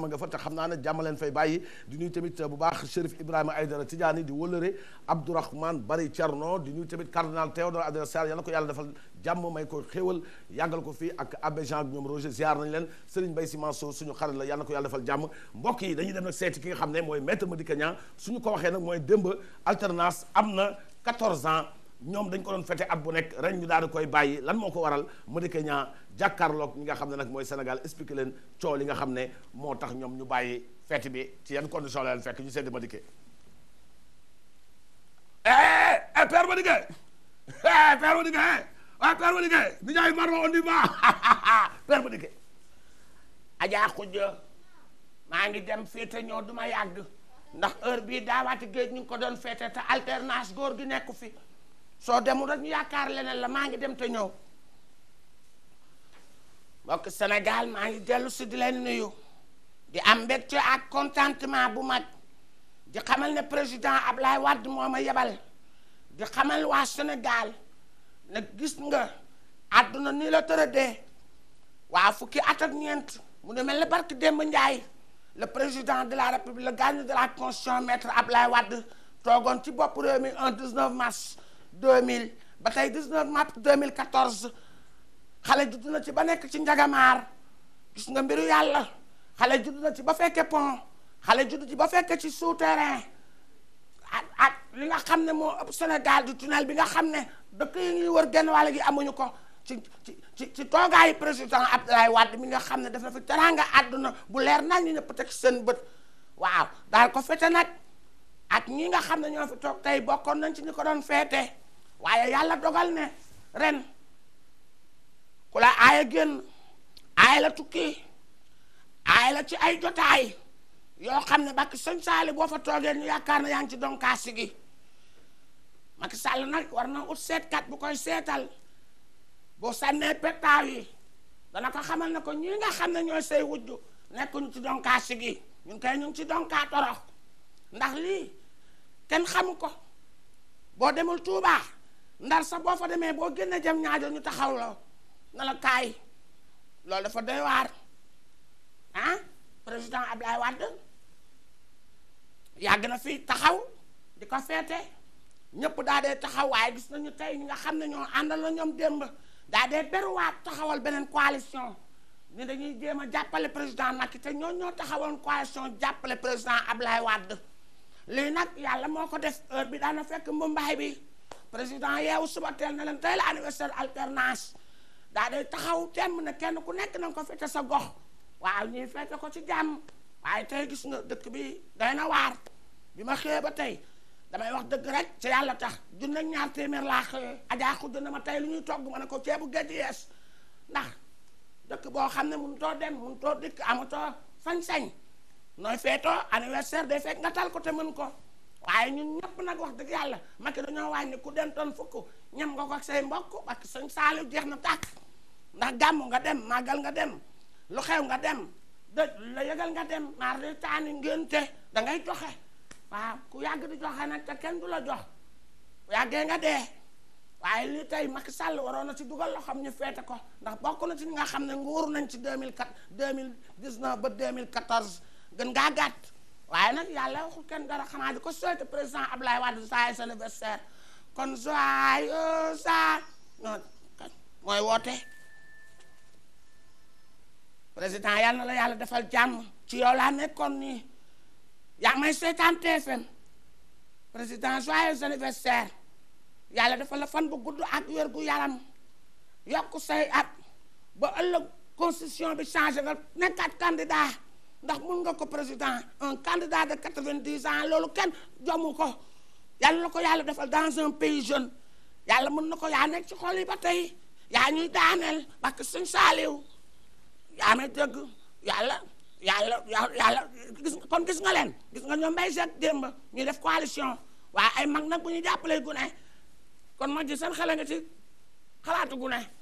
ma nga fa te xam ne jàmm leen fay bàyyi di nuyu tamit bu baax Chérif Ibrahima Aydara Tidiane di wëlëre Abdourahmane Bari Thierno di nuyu tamit cardinal Théodore Adrien na ko yàlla defal jàmm may ko xéewal yàggal ko fii ak abbé ñoom Roger ziar nañ leen Serigne Mbaye Sy Mansour suñu xarit la yal na ko yàlla defal jàmm mbokk yi dañuy dem nag seeti ki nga xam ne mooy maître Madické Niang suñu ko waxee nag mooy démb alternance am na ans ñoom dañ ko doon fete at bu nekk rek ñu daal di koy bàyyi lan moo ko waral Madické Niang jàkkaarloog ñi nga xam ne nag mooy Sénégal expliqué leen coow li nga xam ne moo tax ñoom ñu bàyyi fête bi ci yan condition la leen fekk ñu seeti Madické eh, eh, eh, eh père Madické eh père ma on dit ajaa xuj maa ngi dem féete ñoo du ma yàgg ndax heure bii daawaati géej ñu ngi ko doon féete te alternance góor gi nekku fi soo demul rek ñu yaakaar leneen la maa ngi dem te ñëw mbokk Sénégal maa ngi dellu si di leen nuyu di am mbégte ak contentement bu mag di xamal ne président Ablaye Wade moo ma yebal di xamal waa Sénégal nag gis nga àdduna nii la tëradee waa fukki at ak ñeent mu ne mel ne barke Demba Ndiaye le président de la république le gardien de la constitution maître Ablaye Wade toogoon ci bopp réew mi un 19 mars 2000 ba tey 19 mars 2014 xale juddu na ci ba nekk ci njagamaar gis nga mbiru yàlla xale judd na ci ba fekke pont xale judd ci ba fekke ci souterrain ak ak li nga xam ne moo ëpp Sénégal du tunnel bi nga xam ne dëkk yi ñuy wër genn wàll gi amuñu ko ci ci ci ci toogaayu président Abdoulaye Wade mi nga xam ne dafa na fi teraanga àdduna bu leer nag ñu ñëpp teg seen bët waaw daal ko fete nag ak ñii nga xam ne ñoo fi toog tey bokkoon nañ ci ni ko doon feete waaye yàlla dogal ne ren ku la aaya génn aaya la tukki aaya la ci ay jotaay yoo xam ne Macky Sëñ Saali boo fa toogee ñu yaakaar na yaa ngi ci donkaasi gi Macky Sall nag war na ut seetkat bu koy seetal boo sànnee petaaw yi dana ko xamal ne ko ñii nga xam ne ñooy say wujju nekkuñu ci donkaasi gi ñun kay ñu ngi ci donkaa ndax lii kenn xamu ko boo demul Tuubaa ndar sa boo fa demee boo génnee jam ñaajo ñu taxaw la na la kaay loolu dafa doy waar ah président Ablaye Wade yàgg na fii taxaw di ko feete ñëpp daa dee taxaw waaye gis nañu tey ñi nga xam ne ñoo àndal la ñoom démb daa dee beruwaat taxawal beneen coalition ni dañuy jéem a jàppale président nag Macky te ñoo ñoo taxawal coalition jàppale président Ablaye wadd lii nag yàlla moo ko def heure bi daana fekk mbumbaay bi président yeewu suba teel na leen tey la anniversaire alternance daa day taxaw temm ne kenn ku nekk nanga ko fete sa gox waaw ñuy fete ko ci jàmm waaye tey gis nga dëkk bi day na waar bi ma xëyee ba tey damay wax dëgg rek ci yàlla tax junne ñaar téeméer laa xëyee ajaa xud na ma tey lu ñuy togg ma ne ko ceebu géej yees ndax dëkk boo xam ne mun too dem mun too dikk amatoo sañ-sañ nooy feetoo anniversaire day fekk nga tal ko te mën ko waaye ñun ñëpp nag wax dëgg yàlla Macky dañoo wàññi ku dentoon fukk ñam nga ko ak say mbokk parce sañ sëñ jeex na tàkk ndax gàmmu nga dem màggal nga dem lu xew nga dem dëj la yëgal nga dem maar de taani da ngay joxe waaw ku yàgg di joxe nag te kenn du la jox yàggee nga dee waaye lii tey Macky Sall waroon na ci dugal loo xam ñu feete ko ndax bokk na ci ñi nga xam ne nguur nañ ci 2004 2019 ba 2014 gën ngaa gàtt waaye nag yàlla waxul kenn dara xanaa di ko souhaité président Ablaye Wade saa sa anniversaire kon joyeux saa noonu mooy woote président yàlla na la yàlla defal jàmm ci yow laa nekkoon nii yaa may seetaan TFM président joyeux anniversaire yàlla defal la fan bu gudd ak wér gu yaram yokk say at ba ëllëg constitution bi changé nga nekkaat candidat ndax mun nga ko président un candidat de quatre-vingt-dix ans loolu kenn jomu ko yàlla na ko yàlla defal dans un pays jeune yàlla mën na ko yaa nekk ci xol yi ba tey yaa ñuy daaneel parce que suñ saaliw yaa may dëgg yàlla yàlla yàlla gis kon gis nga leen gis nga ñoom mbay seet démb ñu def coalition waaye ay mag nag bu ñu jàppalee gune kon ma ji seen xale nga ci gune